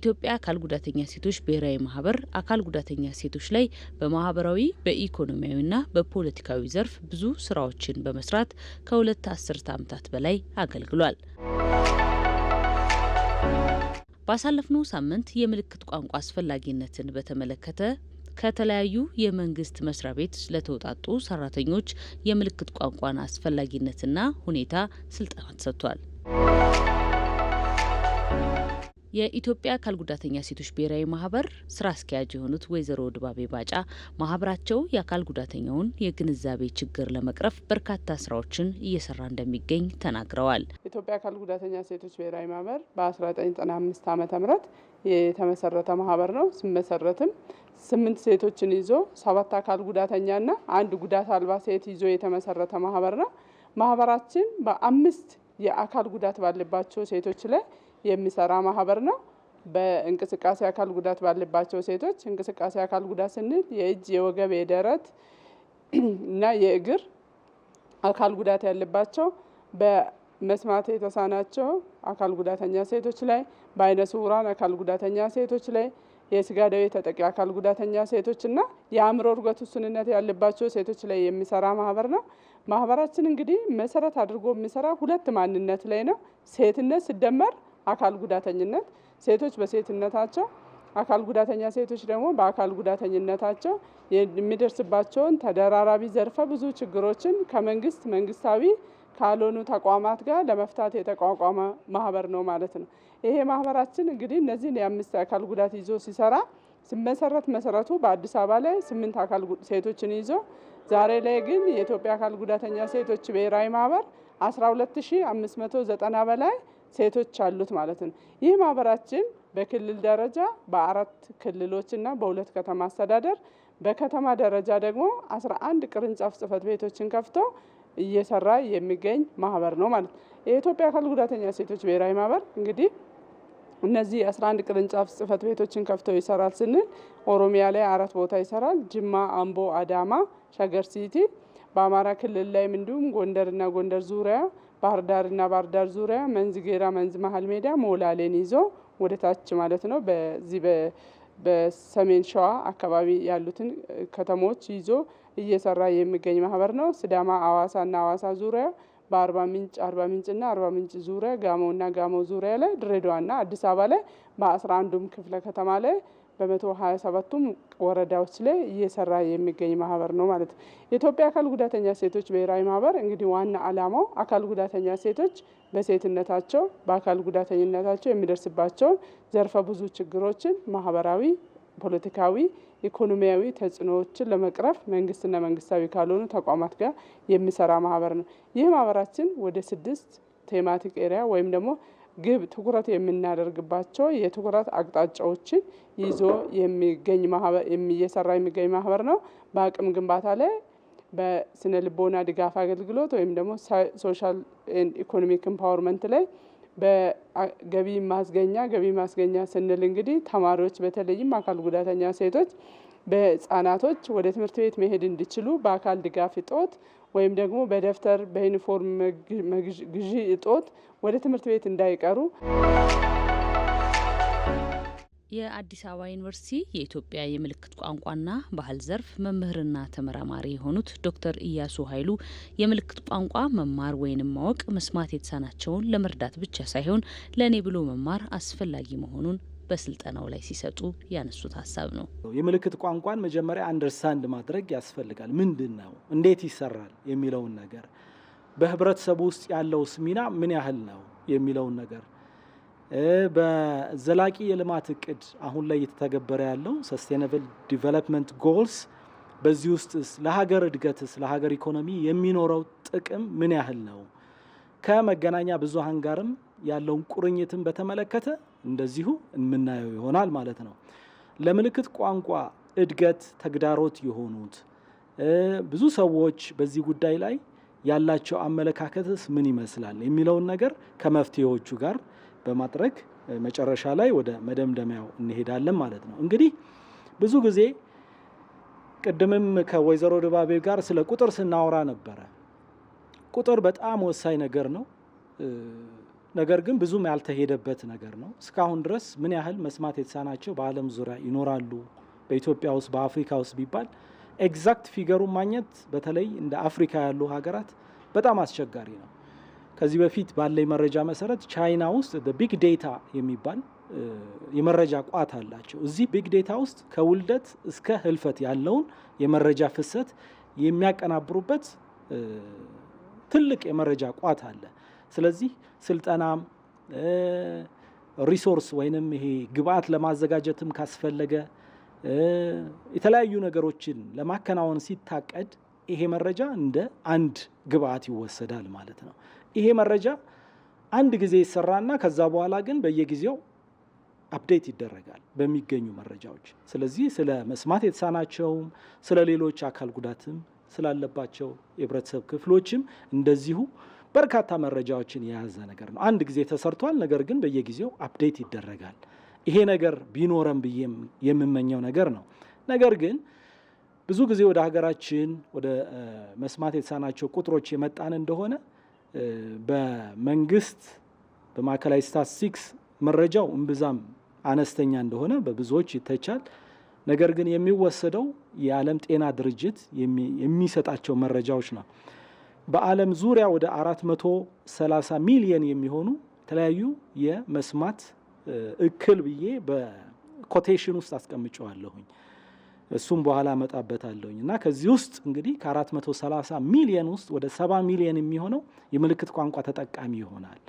ኢትዮጵያ አካል ጉዳተኛ ሴቶች ብሔራዊ ማህበር አካል ጉዳተኛ ሴቶች ላይ በማህበራዊ በኢኮኖሚያዊና በፖለቲካዊ ዘርፍ ብዙ ስራዎችን በመስራት ከሁለት አስርተ ዓመታት በላይ አገልግሏል። ባሳለፍነው ሳምንት የምልክት ቋንቋ አስፈላጊነትን በተመለከተ ከተለያዩ የመንግስት መስሪያ ቤት ለተውጣጡ ሰራተኞች የምልክት ቋንቋን አስፈላጊነትና ሁኔታ ስልጠና ተሰጥቷል። የኢትዮጵያ አካል ጉዳተኛ ሴቶች ብሔራዊ ማህበር ስራ አስኪያጅ የሆኑት ወይዘሮ ድባቤ ባጫ ማህበራቸው የአካል ጉዳተኛውን የግንዛቤ ችግር ለመቅረፍ በርካታ ስራዎችን እየሰራ እንደሚገኝ ተናግረዋል። ኢትዮጵያ አካል ጉዳተኛ ሴቶች ብሔራዊ ማህበር በ1995 ዓ ም የተመሰረተ ማህበር ነው። ሲመሰረትም ስምንት ሴቶችን ይዞ ሰባት አካል ጉዳተኛና አንድ ጉዳት አልባ ሴት ይዞ የተመሰረተ ማህበር ነው። ማህበራችን በአምስት የአካል ጉዳት ባለባቸው ሴቶች ላይ የሚሰራ ማህበር ነው። በእንቅስቃሴ አካል ጉዳት ባለባቸው ሴቶች እንቅስቃሴ አካል ጉዳት ስንል የእጅ፣ የወገብ፣ የደረት እና የእግር አካል ጉዳት ያለባቸው በመስማት የተሳናቸው አካል ጉዳተኛ ሴቶች ላይ በአይነ ስውራን አካል ጉዳተኛ ሴቶች ላይ የስጋ ደዌ ተጠቂ አካል ጉዳተኛ ሴቶችና የአእምሮ እድገት ውስንነት ያለባቸው ሴቶች ላይ የሚሰራ ማህበር ነው። ማህበራችን እንግዲህ መሰረት አድርጎ የሚሰራ ሁለት ማንነት ላይ ነው። ሴትነት ሲደመር አካል ጉዳተኝነት፣ ሴቶች በሴትነታቸው አካል ጉዳተኛ ሴቶች ደግሞ በአካል ጉዳተኝነታቸው የሚደርስባቸውን ተደራራቢ ዘርፈ ብዙ ችግሮችን ከመንግስት መንግስታዊ ካልሆኑ ተቋማት ጋር ለመፍታት የተቋቋመ ማህበር ነው ማለት ነው። ይሄ ማህበራችን እንግዲህ እነዚህን የአምስት አካል ጉዳት ይዞ ሲሰራ ሲመሰረት መሰረቱ በአዲስ አበባ ላይ ስምንት አካል ሴቶችን ይዞ ዛሬ ላይ ግን የኢትዮጵያ አካል ጉዳተኛ ሴቶች ብሔራዊ ማህበር 12590 በላይ ሴቶች አሉት ማለት ነው። ይህ ማህበራችን በክልል ደረጃ በአራት ክልሎችና በሁለት ከተማ አስተዳደር በከተማ ደረጃ ደግሞ አስራ አንድ ቅርንጫፍ ጽህፈት ቤቶችን ከፍቶ እየሰራ የሚገኝ ማህበር ነው ማለት ነው። የኢትዮጵያ አካል ጉዳተኛ ሴቶች ብሔራዊ ማህበር እንግዲህ እነዚህ አስራ አንድ ቅርንጫፍ ጽህፈት ቤቶችን ከፍተው ይሰራል ስንል ኦሮሚያ ላይ አራት ቦታ ይሰራል። ጅማ፣ አምቦ፣ አዳማ፣ ሸገር ሲቲ በአማራ ክልል ላይም እንዲሁም ጎንደርና ጎንደር ዙሪያ ባህር ዳርና ባህር ዳር ዙሪያ መንዝ ጌራ መንዝ መሀል ሜዳ ሞላሌን ይዞ ወደ ታች ማለት ነው በዚህ በሰሜን ሸዋ አካባቢ ያሉትን ከተሞች ይዞ እየሰራ የሚገኝ ማህበር ነው። ስዳማ አዋሳና አዋሳ ዙሪያ በአርባ ምንጭ አርባ ምንጭና አርባ ምንጭ ዙሪያ ጋሞና ጋሞ ዙሪያ ላይ ድሬዳዋና አዲስ አበባ ላይ በአስራ አንዱም ክፍለ ከተማ ላይ በመቶ ሀያ ሰባቱም ወረዳዎች ላይ እየሰራ የሚገኝ ማህበር ነው ማለት ነው። የኢትዮጵያ አካል ጉዳተኛ ሴቶች ብሔራዊ ማህበር እንግዲህ ዋና ዓላማው አካል ጉዳተኛ ሴቶች በሴትነታቸው በአካል ጉዳተኝነታቸው የሚደርስባቸውን ዘርፈ ብዙ ችግሮችን ማህበራዊ፣ ፖለቲካዊ፣ ኢኮኖሚያዊ ተጽዕኖዎችን ለመቅረፍ መንግስትና መንግስታዊ ካልሆኑ ተቋማት ጋር የሚሰራ ማህበር ነው። ይህ ማህበራችን ወደ ስድስት ቴማቲክ ኤሪያ ወይም ደግሞ ግብ ትኩረት የምናደርግባቸው የትኩረት አቅጣጫዎችን ይዞ የሚገኝ እየሰራ የሚገኝ ማህበር ነው። በአቅም ግንባታ ላይ በስነ ልቦና ድጋፍ አገልግሎት ወይም ደግሞ ሶሻል ኢኮኖሚክ ኢምፓወርመንት ላይ በገቢ ማስገኛ ገቢ ማስገኛ ስንል እንግዲህ ተማሪዎች በተለይም አካል ጉዳተኛ ሴቶች በህጻናቶች ወደ ትምህርት ቤት መሄድ እንዲችሉ በአካል ድጋፍ እጦት ወይም ደግሞ በደብተር በዩኒፎርም ግዢ እጦት ወደ ትምህርት ቤት እንዳይቀሩ የአዲስ አበባ ዩኒቨርሲቲ የኢትዮጵያ የምልክት ቋንቋና ባህል ዘርፍ መምህርና ተመራማሪ የሆኑት ዶክተር ኢያሱ ኃይሉ የምልክት ቋንቋ መማር ወይንም ማወቅ መስማት የተሳናቸውን ለመርዳት ብቻ ሳይሆን ለእኔ ብሎ መማር አስፈላጊ መሆኑን በስልጠናው ላይ ሲሰጡ ያነሱት ሀሳብ ነው። የምልክት ቋንቋን መጀመሪያ አንደርስታንድ ማድረግ ያስፈልጋል። ምንድን ነው፣ እንዴት ይሰራል የሚለውን ነገር በህብረተሰቡ ውስጥ ያለውስ ሚና ምን ያህል ነው የሚለውን ነገር በዘላቂ የልማት እቅድ አሁን ላይ እየተተገበረ ያለው ሰስቴናብል ዲቨሎፕመንት ጎልስ በዚህ ውስጥ ለሀገር እድገትስ ለሀገር ኢኮኖሚ የሚኖረው ጥቅም ምን ያህል ነው ከመገናኛ ብዙሃን ጋርም ያለውን ቁርኝትን በተመለከተ እንደዚሁ የምናየው ይሆናል ማለት ነው። ለምልክት ቋንቋ እድገት ተግዳሮት የሆኑት ብዙ ሰዎች በዚህ ጉዳይ ላይ ያላቸው አመለካከትስ ምን ይመስላል የሚለውን ነገር ከመፍትሄዎቹ ጋር በማድረግ መጨረሻ ላይ ወደ መደምደሚያው እንሄዳለን ማለት ነው። እንግዲህ ብዙ ጊዜ ቅድምም ከወይዘሮ ድባቤ ጋር ስለ ቁጥር ስናወራ ነበረ። ቁጥር በጣም ወሳኝ ነገር ነው። ነገር ግን ብዙም ያልተሄደበት ነገር ነው። እስካሁን ድረስ ምን ያህል መስማት የተሳናቸው በዓለም ዙሪያ ይኖራሉ በኢትዮጵያ ውስጥ በአፍሪካ ውስጥ ቢባል ኤግዛክት ፊገሩን ማግኘት በተለይ እንደ አፍሪካ ያሉ ሀገራት በጣም አስቸጋሪ ነው። ከዚህ በፊት ባለኝ መረጃ መሰረት ቻይና ውስጥ ቢግ ዴታ የሚባል የመረጃ ቋት አላቸው። እዚህ ቢግ ዴታ ውስጥ ከውልደት እስከ ህልፈት ያለውን የመረጃ ፍሰት የሚያቀናብሩበት ትልቅ የመረጃ ቋት አለ። ስለዚህ ስልጠናም ሪሶርስ ወይንም ይሄ ግብአት ለማዘጋጀትም ካስፈለገ የተለያዩ ነገሮችን ለማከናወን ሲታቀድ ይሄ መረጃ እንደ አንድ ግብአት ይወሰዳል ማለት ነው። ይሄ መረጃ አንድ ጊዜ ይሰራና ከዛ በኋላ ግን በየጊዜው አፕዴት ይደረጋል በሚገኙ መረጃዎች። ስለዚህ ስለ መስማት የተሳናቸውም ስለ ሌሎች አካል ጉዳትም ስላለባቸው የህብረተሰብ ክፍሎችም እንደዚሁ በርካታ መረጃዎችን የያዘ ነገር ነው። አንድ ጊዜ ተሰርቷል፣ ነገር ግን በየጊዜው አፕዴት ይደረጋል። ይሄ ነገር ቢኖረን ብዬ የምመኘው ነገር ነው። ነገር ግን ብዙ ጊዜ ወደ ሀገራችን ወደ መስማት የተሳናቸው ቁጥሮች የመጣን እንደሆነ በመንግስት በማዕከላዊ ስታትስቲክስ መረጃው እምብዛም አነስተኛ እንደሆነ በብዙዎች ይተቻል። ነገር ግን የሚወሰደው የዓለም ጤና ድርጅት የሚሰጣቸው መረጃዎች ነው። በዓለም ዙሪያ ወደ 430 ሚሊየን የሚሆኑ የተለያዩ የመስማት እክል ብዬ በኮቴሽን ውስጥ አስቀምጨዋለሁኝ። እሱም በኋላ እመጣበታለሁኝ እና ከዚህ ውስጥ እንግዲህ ከ430 ሚሊየን ውስጥ ወደ 70 ሚሊየን የሚሆነው የምልክት ቋንቋ ተጠቃሚ ይሆናል።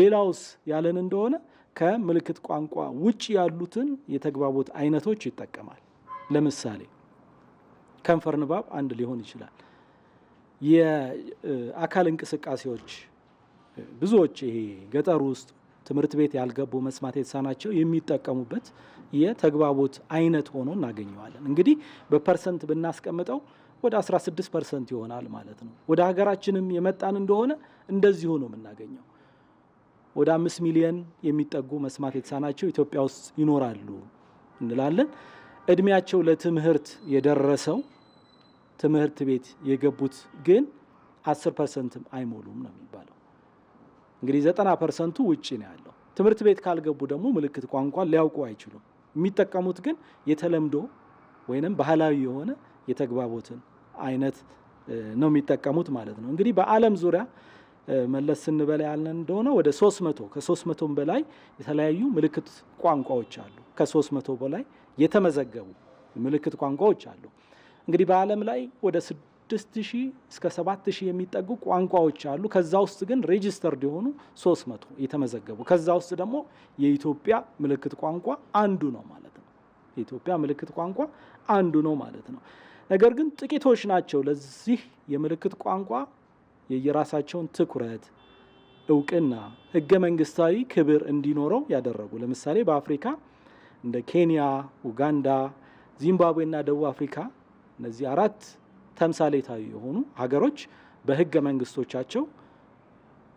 ሌላውስ ያለን እንደሆነ ከምልክት ቋንቋ ውጭ ያሉትን የተግባቦት አይነቶች ይጠቀማል። ለምሳሌ ከንፈር ንባብ አንድ ሊሆን ይችላል። የአካል እንቅስቃሴዎች ብዙዎች ይሄ ገጠር ውስጥ ትምህርት ቤት ያልገቡ መስማት የተሳናቸው የሚጠቀሙበት የተግባቦት አይነት ሆኖ እናገኘዋለን። እንግዲህ በፐርሰንት ብናስቀምጠው ወደ 16 ፐርሰንት ይሆናል ማለት ነው። ወደ ሀገራችንም የመጣን እንደሆነ እንደዚሁ ነው የምናገኘው። ወደ አምስት ሚሊየን የሚጠጉ መስማት የተሳናቸው ኢትዮጵያ ውስጥ ይኖራሉ እንላለን። እድሜያቸው ለትምህርት የደረሰው ትምህርት ቤት የገቡት ግን አስር ፐርሰንትም አይሞሉም ነው የሚባለው። እንግዲህ ዘጠና ፐርሰንቱ ውጭ ነው ያለው። ትምህርት ቤት ካልገቡ ደግሞ ምልክት ቋንቋን ሊያውቁ አይችሉም። የሚጠቀሙት ግን የተለምዶ ወይንም ባህላዊ የሆነ የተግባቦትን አይነት ነው የሚጠቀሙት ማለት ነው። እንግዲህ በዓለም ዙሪያ መለስ ስንበላ ያለን እንደሆነ ወደ ሶስት መቶ ከሶስት መቶም በላይ የተለያዩ ምልክት ቋንቋዎች አሉ። ከሶስት መቶ በላይ የተመዘገቡ ምልክት ቋንቋዎች አሉ። እንግዲህ በዓለም ላይ ወደ ስድስት ሺህ እስከ ሰባት ሺህ የሚጠጉ ቋንቋዎች አሉ። ከዛ ውስጥ ግን ሬጂስተርድ የሆኑ ሶስት መቶ የተመዘገቡ ከዛ ውስጥ ደግሞ የኢትዮጵያ ምልክት ቋንቋ አንዱ ነው ማለት ነው። የኢትዮጵያ ምልክት ቋንቋ አንዱ ነው ማለት ነው። ነገር ግን ጥቂቶች ናቸው ለዚህ የምልክት ቋንቋ የየራሳቸውን ትኩረት እውቅና ህገ መንግስታዊ ክብር እንዲኖረው ያደረጉ። ለምሳሌ በአፍሪካ እንደ ኬንያ፣ ኡጋንዳ፣ ዚምባብዌ እና ደቡብ አፍሪካ እነዚህ አራት ተምሳሌታዊ የሆኑ ሀገሮች በህገ መንግስቶቻቸው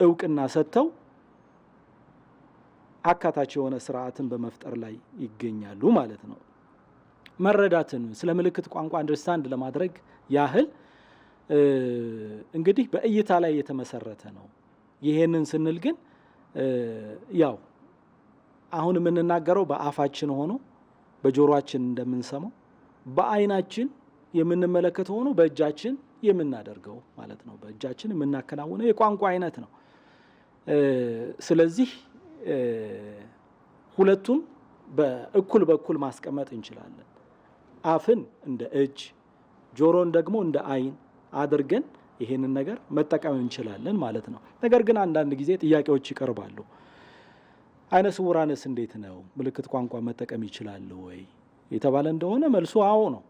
እውቅና ሰጥተው አካታች የሆነ ስርዓትን በመፍጠር ላይ ይገኛሉ ማለት ነው። መረዳትን ስለ ምልክት ቋንቋ አንደርስታንድ ለማድረግ ያህል እንግዲህ በእይታ ላይ የተመሰረተ ነው። ይሄንን ስንል ግን ያው አሁን የምንናገረው በአፋችን ሆኖ በጆሮአችን እንደምንሰማው በአይናችን የምንመለከተው ሆኖ በእጃችን የምናደርገው ማለት ነው። በእጃችን የምናከናውነው የቋንቋ አይነት ነው። ስለዚህ ሁለቱም በእኩል በኩል ማስቀመጥ እንችላለን። አፍን እንደ እጅ፣ ጆሮን ደግሞ እንደ አይን አድርገን ይሄንን ነገር መጠቀም እንችላለን ማለት ነው። ነገር ግን አንዳንድ ጊዜ ጥያቄዎች ይቀርባሉ። አይነ ስውራንስ እንዴት ነው? ምልክት ቋንቋ መጠቀም ይችላሉ ወይ የተባለ እንደሆነ መልሱ አዎ ነው።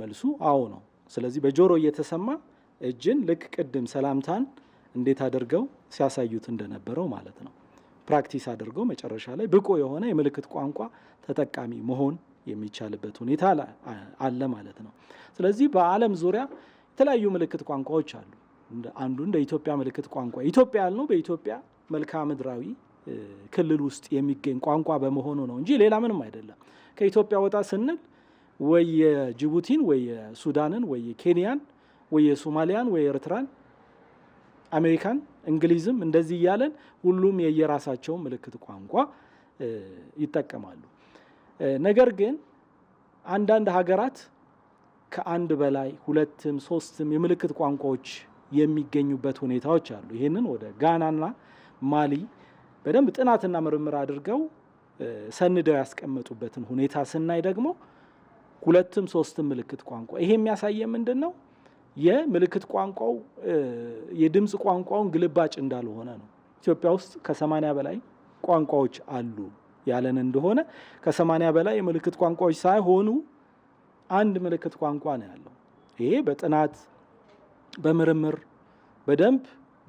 መልሱ አዎ ነው። ስለዚህ በጆሮ እየተሰማ እጅን ልክ ቅድም ሰላምታን እንዴት አድርገው ሲያሳዩት እንደነበረው ማለት ነው ፕራክቲስ አድርገው መጨረሻ ላይ ብቁ የሆነ የምልክት ቋንቋ ተጠቃሚ መሆን የሚቻልበት ሁኔታ አለ ማለት ነው። ስለዚህ በዓለም ዙሪያ የተለያዩ ምልክት ቋንቋዎች አሉ። አንዱ እንደ ኢትዮጵያ ምልክት ቋንቋ ኢትዮጵያ ያልነው በኢትዮጵያ መልክዓ ምድራዊ ክልል ውስጥ የሚገኝ ቋንቋ በመሆኑ ነው እንጂ ሌላ ምንም አይደለም። ከኢትዮጵያ ወጣ ስንል ወይ የጅቡቲን ወይ የሱዳንን ወይ የኬንያን ወይ የሶማሊያን ወይ የኤርትራን አሜሪካን እንግሊዝም እንደዚህ እያለን ሁሉም የየራሳቸውን ምልክት ቋንቋ ይጠቀማሉ። ነገር ግን አንዳንድ ሀገራት ከአንድ በላይ ሁለትም ሶስትም የምልክት ቋንቋዎች የሚገኙበት ሁኔታዎች አሉ። ይህንን ወደ ጋናና ማሊ በደንብ ጥናትና ምርምር አድርገው ሰንደው ያስቀመጡበትን ሁኔታ ስናይ ደግሞ ሁለትም ሶስትም ምልክት ቋንቋ። ይሄ የሚያሳየ ምንድን ነው? የምልክት ቋንቋው የድምፅ ቋንቋውን ግልባጭ እንዳልሆነ ነው። ኢትዮጵያ ውስጥ ከሰማንያ በላይ ቋንቋዎች አሉ ያለን እንደሆነ ከሰማንያ በላይ የምልክት ቋንቋዎች ሳይሆኑ አንድ ምልክት ቋንቋ ነው ያለው። ይሄ በጥናት በምርምር በደንብ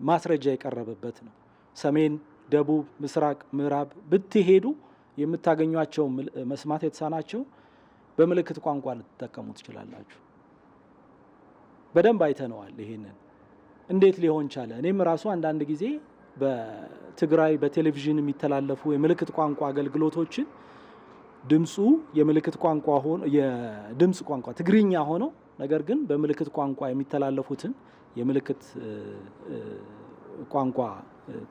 ማስረጃ የቀረበበት ነው። ሰሜን፣ ደቡብ፣ ምስራቅ፣ ምዕራብ ብትሄዱ የምታገኟቸው መስማት የተሳናቸው በምልክት ቋንቋ ልትጠቀሙ ትችላላችሁ። በደንብ አይተነዋል። ይሄንን እንዴት ሊሆን ቻለ? እኔም ራሱ አንዳንድ ጊዜ በትግራይ በቴሌቪዥን የሚተላለፉ የምልክት ቋንቋ አገልግሎቶችን ድምፁ የምልክት ቋንቋ ሆኖ የድምፅ ቋንቋ ትግርኛ ሆኖ ነገር ግን በምልክት ቋንቋ የሚተላለፉትን የምልክት ቋንቋ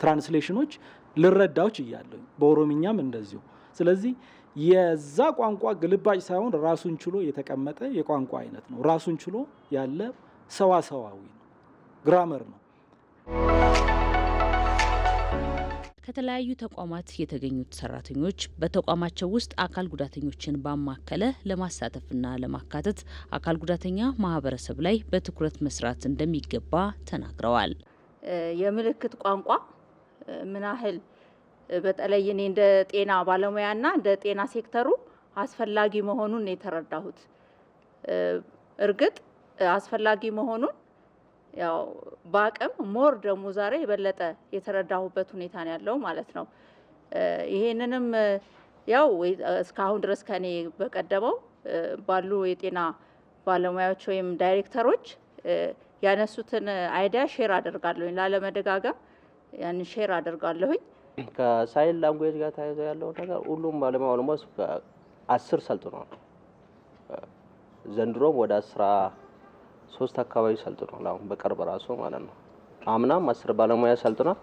ትራንስሌሽኖች ልረዳዎች እያለሁ በኦሮምኛም እንደዚሁ ስለዚህ የዛ ቋንቋ ግልባጭ ሳይሆን ራሱን ችሎ የተቀመጠ የቋንቋ አይነት ነው። ራሱን ችሎ ያለ ሰዋሰዋዊ ነው፣ ግራመር ነው። ከተለያዩ ተቋማት የተገኙት ሰራተኞች በተቋማቸው ውስጥ አካል ጉዳተኞችን ባማከለ ለማሳተፍና ለማካተት አካል ጉዳተኛ ማህበረሰብ ላይ በትኩረት መስራት እንደሚገባ ተናግረዋል። የምልክት ቋንቋ ምን ያህል በተለይ እኔ እንደ ጤና ባለሙያና እንደ ጤና ሴክተሩ አስፈላጊ መሆኑን የተረዳሁት። እርግጥ አስፈላጊ መሆኑን ያው በአቅም ሞር ደግሞ ዛሬ የበለጠ የተረዳሁበት ሁኔታ ነው ያለው ማለት ነው። ይሄንንም ያው እስካሁን ድረስ ከኔ በቀደመው ባሉ የጤና ባለሙያዎች ወይም ዳይሬክተሮች ያነሱትን አይዲያ ሼር አደርጋለሁኝ ላለመደጋገም ያን ሼር አደርጋለሁኝ። ከሳይን ላንጉዌጅ ጋር ተያይዞ ያለው ነገር ሁሉም ባለሙያ ኦልሞስት አስር ሰልጥኗል። ዘንድሮም ወደ አስራ ሶስት አካባቢ ሰልጥኗል። አሁን በቅርብ ራሱ ማለት ነው። አምናም አስር ባለሙያ ሰልጥኗል።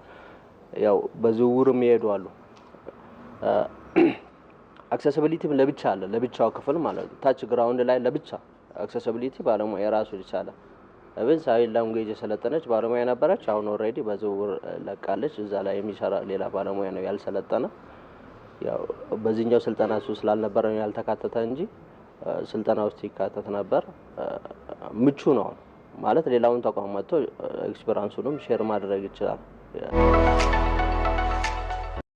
ያው በዝውውርም ይሄዱ አሉ። አክሰሲቢሊቲም ለብቻ አለ፣ ለብቻው ክፍል ማለት ነው። ታች ግራውንድ ላይ ለብቻ አክሰሲቢሊቲ ባለሙያ የራሱ ይቻላል። ብን ሳይል ላንጉጅ የሰለጠነች ባለሙያ ነበረች። አሁን ኦልሬዲ በዝውውር ለቃለች። እዛ ላይ የሚሰራ ሌላ ባለሙያ ነው ያልሰለጠነ። ያው በዚህኛው ስልጠና እሱ ስላልነበረ ነው ያልተካተተ እንጂ ስልጠና ውስጥ ይካተት ነበር። ምቹ ነው ማለት ሌላውን ተቋም መጥቶ ኤክስፔራንሱንም ሼር ማድረግ ይችላል።